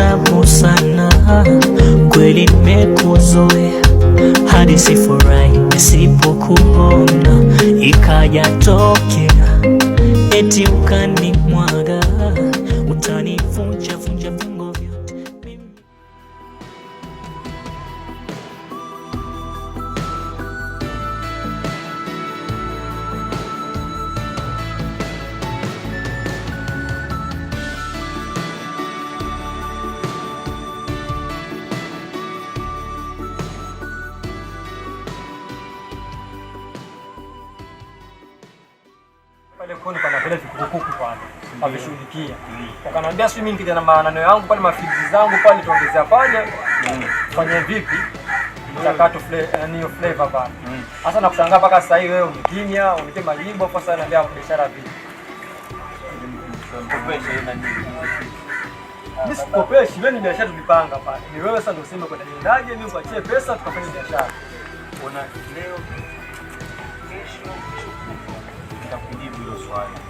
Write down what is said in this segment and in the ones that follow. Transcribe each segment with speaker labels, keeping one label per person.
Speaker 1: tabu sana, kweli nimekuzoea hadi sifurahi nisipokuona, ikajatokea eti ukanimwaga vile vikukuku kwanza avishughulikia. akanambia, sijui mimi nikija na maanano yangu pale mafizi zangu pale nitaongezea pale mm. fanye vipi mchakato eh, niyo flavor pale. Mm. Sasa nakushangaa mpaka sasa hivi wewe umekimya, unipe majimbo kwa Sasa naambia biashara vipi? Mimi sikukopeshi, wewe ni biashara tulipanga pale. Ni wewe sasa ndio useme kwenda ndaje, mimi kuachie pesa tukafanya biashara.
Speaker 2: Una leo kesho kesho nitakujibu hilo swali.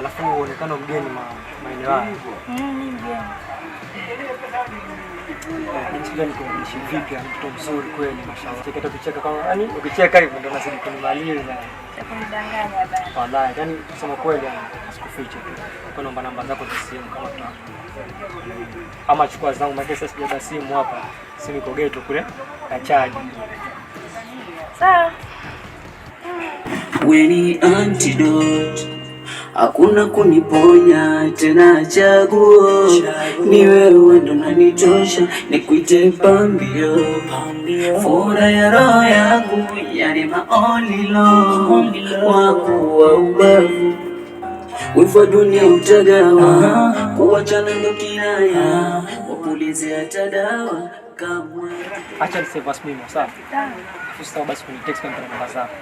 Speaker 1: alafu uonekana mgeni maeneo haya.
Speaker 3: Mm, eh,
Speaker 1: Vipi, mtoto mzuri kweli, mashallah. Ukicheka kama yani, ukicheka hivyo ndio kunimaliza. yani kusema kweli sikuficha. namba zako za simu kama Ama chukua zangu maana sasa sijaza simu hapa. Simu iko geto kule na chaji.
Speaker 3: Sawa.
Speaker 4: antidote hakuna kuniponya tena, chaguo ni wewe, ndo nanichosha, nikuite pambio, fura ya roho yangu, yani maolilo wako wa ubavu, wivu dunia utagawa, kuwachana ndo kinaya, wapulize hata dawa kamwe.
Speaker 1: Acha niseme mimi sawa, usitaka basi kunitext kwa namba zako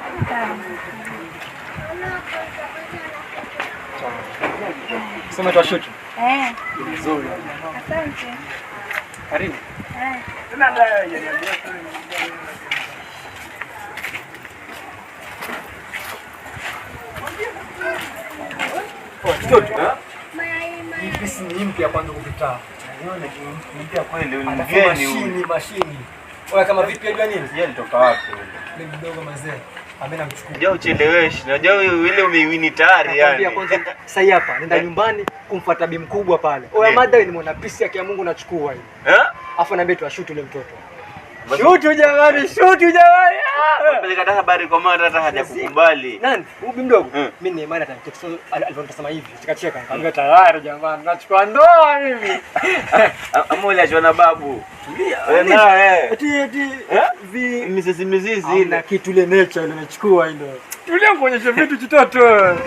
Speaker 1: Sema tu shoot. Eh. Nzuri. Asante. Karibu. Eh. Ni mpya kwanza kupita. mpya kweli, Mashini, mashini. Oya kama vipi ajua nini?
Speaker 2: Yeye alitoka wapi?
Speaker 1: Ni mdogo mazee. Ah,
Speaker 2: najua ucheleweshi, najua ile umeiwini tayari yani.
Speaker 1: Kwanza sasa hapa nenda eh? nyumbani kumfuata bi mkubwa pale. Oya eh. madha ni mwana pisi yake ya Mungu nachukua hivi. Eh? Afa niambie tuashute ule mtoto. Shutu jamani, shutu jamani.
Speaker 2: Ah! Peleka hata habari kwa mara hata hajakukubali.
Speaker 1: Nani? Ubi mdogo. Hmm. Mimi ni imani ataketi so alivyosema hivi. Sikacheka. Kaambia hmm. tayari jamani, nachukua ndoa mimi.
Speaker 2: Amole ajona babu. Tulia. Wewe naye.
Speaker 1: Eti eti eh? vi
Speaker 2: mizizi mizizi
Speaker 1: na kitu ile nature ile nachukua ile. Tulia kuonyesha vitu kitoto.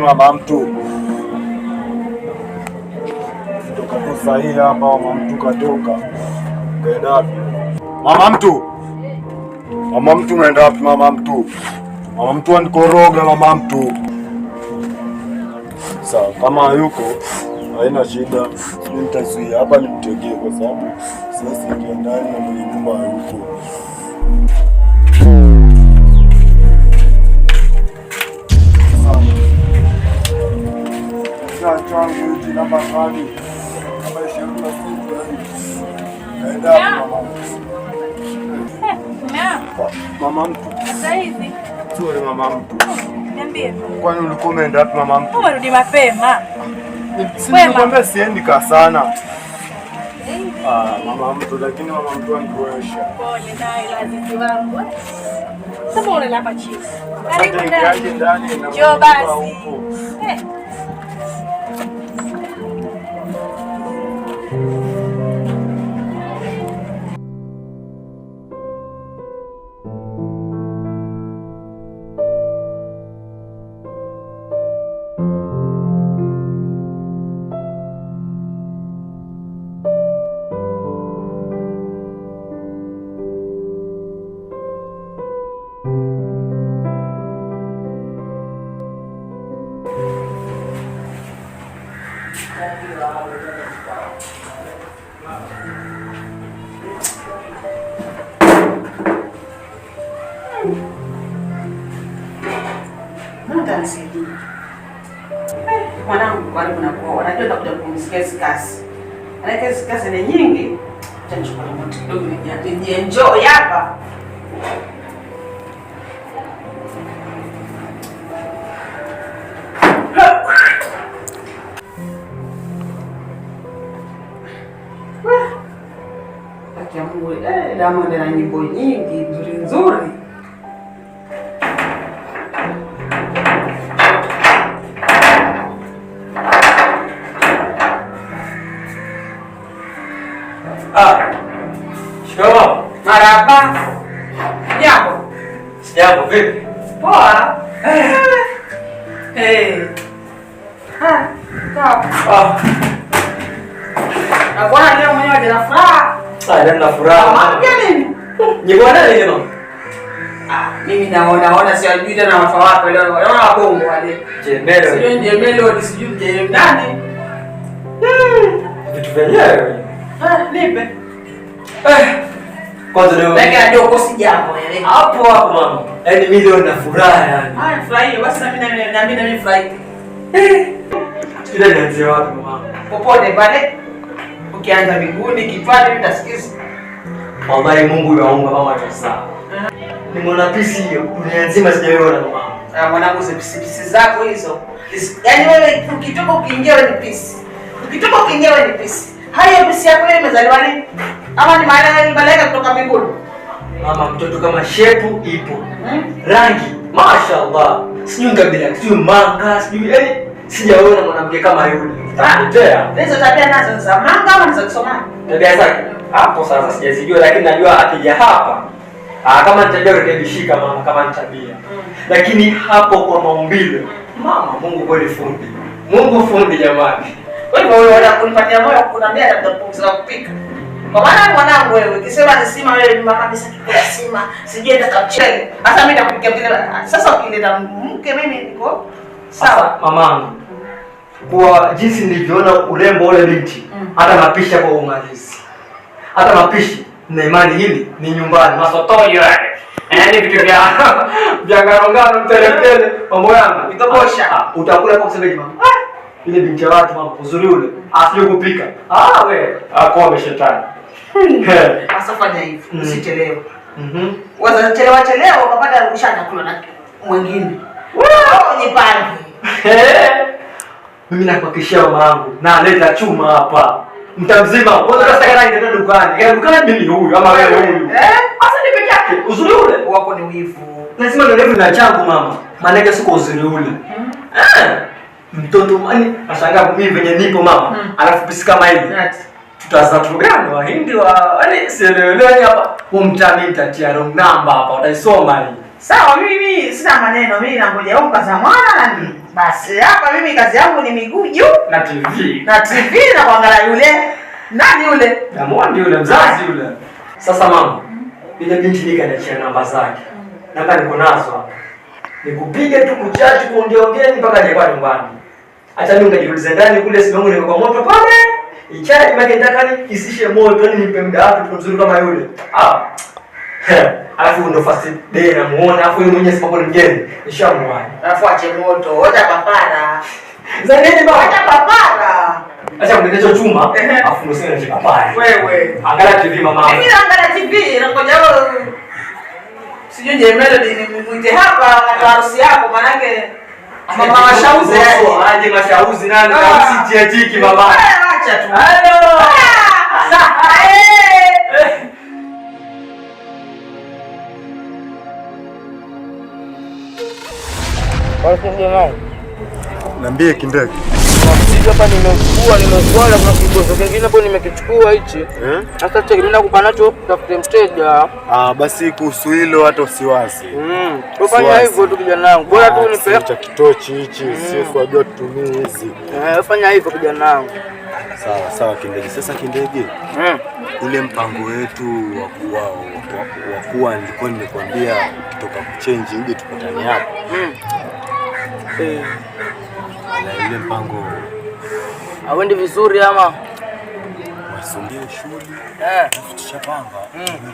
Speaker 2: Vipi mama mtu, toka tu sahii hapa. Mama mtu katoka kaenda wapi? Mama mtu, mama mtu unaenda wapi? Mama mtu, mama mtu anikoroga. Mama mtu, sawa, kama yuko haina shida, mimi nitazuia hapa nimtegee, kwa sababu sasa sikia ndani na mwenye nyumba yuko. mapambano mama mtu sure, mama mtu, kwani ulikuwa umeenda wapi mama mtu?
Speaker 3: Umerudi mapema,
Speaker 2: sikuambia siendi ka sana eh? ah, mama mtu, lakini mama mtu anikuesha
Speaker 3: eh. ndani zile nyingi, tachukua kidogo nijienjoy hapa. Eh, Damu na nyimbo nyingi nzuri nzuri
Speaker 2: Shikamoo.
Speaker 3: Marhaba. Jambo.
Speaker 2: Sijambo, vipi?
Speaker 3: Poa. mimi naona ona si ajui tena watu wapo leo. Naona wabongo wale. Jemelo. Sio jemelo, sijui jemelo ndani.
Speaker 2: Vitu vyenyewe. Nipe. Eh. Kwanza leo.
Speaker 3: Lakini ndio kosi jambo yale. Eh, eh.
Speaker 2: Hapo hapo mama. Yaani mimi leo na furaha yani.
Speaker 3: Ah, furahi basi na mimi na mimi na mimi furahi.
Speaker 2: Kile nianze wapi mama?
Speaker 3: Popote pale. Ukianza miguuni, kipande nitasikiza.
Speaker 2: Wallahi Mungu yuaumba mama tu sawa. Uh-huh. Ni mwana pisi hiyo. Unianzima sijaona mama.
Speaker 3: Ah, mwanangu si pisi pisi zako hizo. Yaani wewe ukitoka ukiingia wewe ni pisi. Ukitoka ukiingia wewe ni pisi. Hai, Haya, misi yako ile imezaliwa nini? Ama ni maana malaika kutoka mbinguni?
Speaker 2: Mama, mtoto kama shepu ipo. Hmm? Rangi, mashaallah. Sijui ngabila, sijui manga, sijui yani sijaona mwanamke kama yule. Takutea.
Speaker 3: Hizo tabia nazo ni za manga ama za kusoma?
Speaker 2: Tabia zake. Hapo sasa sijazijua, lakini najua akija hapa Ah, kama ni tabia rekebishika hmm. mama, kama ni tabia. Hmm. Lakini hapo kwa maumbile, mama Mungu kweli fundi. Mungu fundi jamani.
Speaker 3: Kwa hivyo wewe wana kunipatia moyo kunambia labda punguza na kupika. Kwa maana mwanangu wewe ukisema ni sima wewe mama kabisa kikula sima, sijui nataka mchele. Sasa mimi nakupikia vile. Sasa ukileta mke mimi niko
Speaker 2: sawa mamangu. Kwa jinsi nilivyoona urembo ule binti, mm. hata mm. mapisha kwa umalizi. Hata mapishi na imani hili ni nyumbani.
Speaker 3: Masotoyo yale. Yaani vitu vya
Speaker 2: vya garongano mtelepele mambo yangu.
Speaker 3: Nikabosha. Ah,
Speaker 2: utakula hapo kusema jamani ile binti ya watu hapo uzuri ule afye ah, kupika ah, we akome ah, shetani.
Speaker 3: Sasa hmm. fanya hivi, hmm. usichelewe. Mhm, waza chelewa chelewa, ukapata rushana chakula na mwingine wewe ni pande.
Speaker 2: Mimi nakuhakikishia mama yangu, na leta chuma hapa mtamzima mzima. Wewe sasa kana nenda dukani, kana dukani mimi huyu ama wewe eh? huyu
Speaker 3: eh? Sasa ni peke yake, uzuri ule wako ni wivu,
Speaker 2: lazima ndio na changu mama, maana yake siko uzuri ule hmm. eh mtoto mani ashangaa mimi venye nipo mama mm. Alafu bisi kama hivi right. tutaza tu wa hindi wa yani sielewelewani hapa, humtani nitatia room number hapa, utaisoma hii
Speaker 3: sawa. Mimi sina maneno, mimi nangoja huko kaza mwana na mimi basi. Hapa mimi kazi yangu ni miguu juu
Speaker 2: na TV
Speaker 3: na TV na kuangalia yule nani yule
Speaker 2: na Diamond yule mzazi yule. Sasa mama, ile binti nika niachia namba zake namba niko nazo, nikupiga tu kuchaji kuongeongea mpaka je kwa nyumbani hata mimi nikajiuliza ndani kule simu yangu kwa moto pale. Ichaji maji nataka ni isishe moto ni nipe muda wapi tu mzuri kama yule. Ah. Alafu ndo first day muona afu yeye mwenyewe sipo mgeni. Nishamwani.
Speaker 3: Alafu ache moto, acha papara.
Speaker 2: Zaidi baba,
Speaker 3: acha papara.
Speaker 2: Acha mbele mndecho chuma, afu ndo sina cha papara.
Speaker 3: Wewe.
Speaker 2: Angalia TV mama.
Speaker 3: Mimi naangalia TV, na nangoja sijui je Melody ni nimwite hapa na harusi yako maana yake Mama mashauzi
Speaker 2: aje mashauzi nani na ah. usije tiki baba.
Speaker 3: Eh, acha tu.
Speaker 1: Hello.
Speaker 2: Niambie kindege
Speaker 1: hicho hapa nimekua nimekwala. Kuna kibozo kingine hapo nimekichukua hichi. Eh? Sasa cheki, mimi nakupa nacho, tafute mteja.
Speaker 2: Ah, basi kuhusu hilo hata usiwasi, Mm,
Speaker 1: fanya hivyo tu kijana wangu, bora tu ah, nipe
Speaker 2: cha kitochi hichi, mm. sio kwajua tutumie hizi.
Speaker 1: Eh, fanya hivyo kijana wangu.
Speaker 2: Sawa sawa, kindege. Sasa kindege, mm. ule mpango wetu wa kuwa nilikuwa nimekwambia kutoka kuchange uje tupatane hapo. Mm. Eh, ile mpango
Speaker 1: hauendi vizuri ama eh. mm.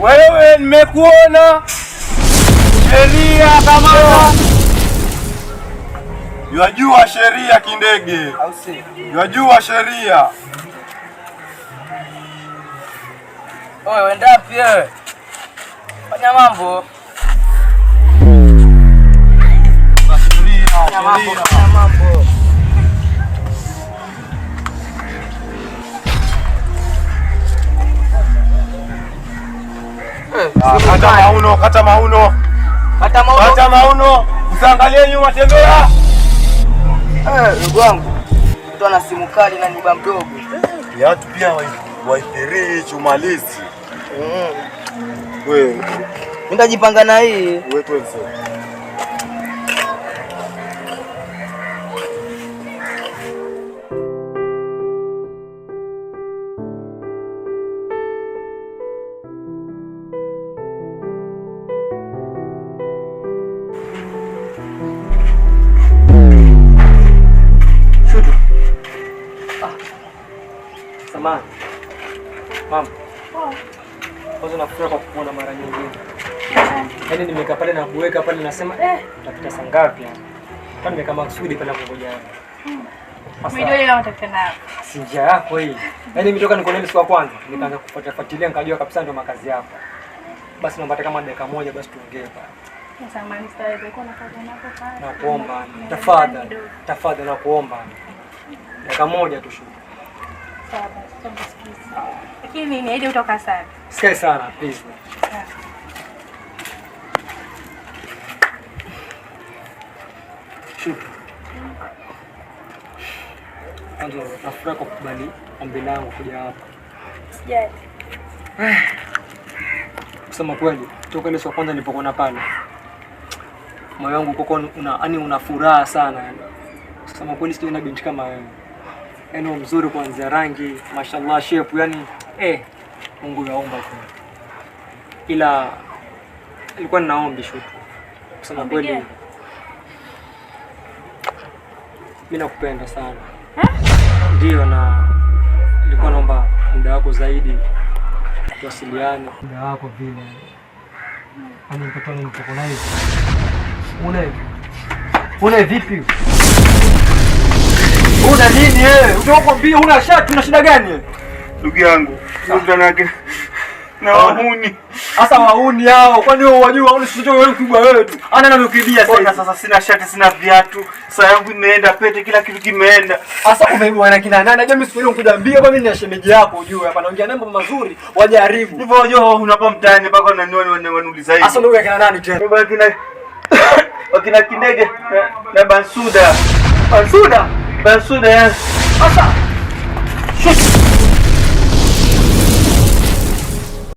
Speaker 1: wewe, nimekuona sheria kama
Speaker 2: yajua sheria kindege, yajua sheria
Speaker 1: wenda pia fanya mambo mambo
Speaker 2: Kata mauno, kata mauno.
Speaker 1: Kata mauno. Kata
Speaker 2: mauno. Usiangalie nyuma tembea.
Speaker 1: Eh, ndugu wangu. Mtu ana simu kali na nyumba mdogo.
Speaker 2: Watu pia waifirii chumalisi. Mm. Wewe.
Speaker 1: Mimi na hii.
Speaker 2: Wewe twende.
Speaker 1: Mama, oh. kwanza nafurahi kwa kukuona mara nyingine. Eh. Yaani nimekaa pale na kuweka pale nasema eh, utapita saa ngapi hapa? nimekaa maksudi pale kukuja hapa. Unajua yako hii. Yaani nimetoka nikuone siku ya kwanza, nikaanza kufuata fuatilia nikajua kabisa ndio makazi yako. Basi naomba kama dakika moja basi tuongee
Speaker 3: pale.
Speaker 1: Nakuomba, tafadhali. Tafadhali nakuomba. Dakika moja tu shuka. Sawa,
Speaker 3: sasa lakini niaidi utoka sana.
Speaker 1: Sikae sana please. Kwanza nafurahi kwa kukubali ombi langu kuja hapa. Sijali. Kusema kweli, toka ile siku kwanza nilipokuona pale moyo wangu una yani una furaha sana yani. Kusema kweli sijui na binti kama wewe. Yaani mzuri kuanzia rangi, mashallah shape yani eh, Mungu yaomba tu, ila ilikuwa ninaomba shoto kusema kweli, mimi nakupenda sana ndio, na ilikuwa naomba muda wako zaidi tuwasiliane, muda wako vile ani mtoto mtotoni nitoko naye ule ule vipi una nini wewe? Unakwambia una shati, una shida gani?
Speaker 2: ndugu yangu yangu na ah. wahuni
Speaker 1: sasa, wahuni hao, kwani wewe wajua? Wahuni sio wewe, ukibwa wewe tu ana na ukibia
Speaker 2: sasa. Sasa sina shati, sina viatu, saa yangu imeenda, pete, kila kitu kimeenda.
Speaker 1: Sasa umeibwa na kina nani? Jamii siku ile nikuambia, kwa mimi ni shemeji yako, ujue hapa naongea namba mazuri, wajaribu
Speaker 2: hivyo. Wajua unapa mtaani mpaka unaniona wanauliza hivi.
Speaker 1: Sasa ndio kina nani tena?
Speaker 2: Baba kina wakina Kindege na Bansuda, Bansuda, Bansuda, yes. Eh. Sasa